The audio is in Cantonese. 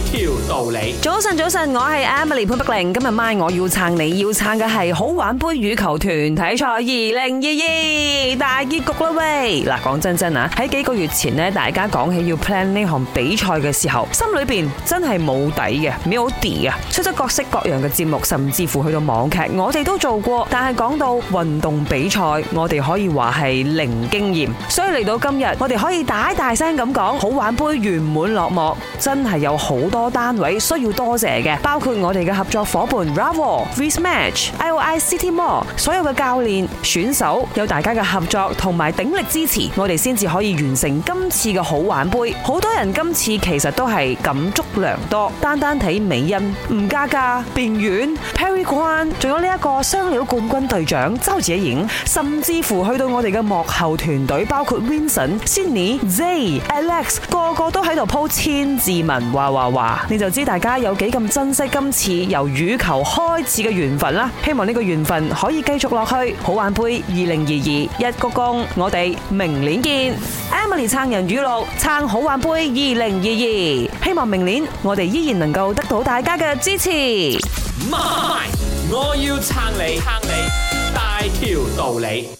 條道理，早晨早晨，我係 Emily 潘碧玲，今日晚我要撐你要撐嘅係好玩杯羽球團體賽2022大結局啦喂！嗱，講真真啊，喺幾個月前呢，大家講起要 plan 呢項比賽嘅時候，心裏邊真係冇底嘅，唔係好掂啊！出咗各式各樣嘅節目，甚至乎去到網劇，我哋都做過，但係講到運動比賽，我哋可以話係零經驗，所以嚟到今日，我哋可以大大聲咁講，好玩杯圓滿落幕，真係有好。好多單位需要多謝嘅，包括我哋嘅合作伙伴 Ravel、VsMatch、IOI City Mall，所有嘅教練、選手有大家嘅合作同埋鼎力支持，我哋先至可以完成今次嘅好玩杯。好多人今次其實都係感觸良多，單單睇美恩、吳家家、變遠、Perry Kwan，仲有呢一個雙料冠軍隊長周子瑩，甚至乎去到我哋嘅幕後團隊，包括 Vinson、Sidney、Z、Alex，個個都喺度鋪千字文，哇哇！你就知大家有幾咁珍惜今次由羽球開始嘅緣分啦！希望呢個緣分可以繼續落去，好玩杯二零二二一鞠躬，我哋明年見，Emily 撐人語錄撐好玩杯二零二二，希望明年我哋依然能夠得到大家嘅支持。我要撐你，撐你大條道理。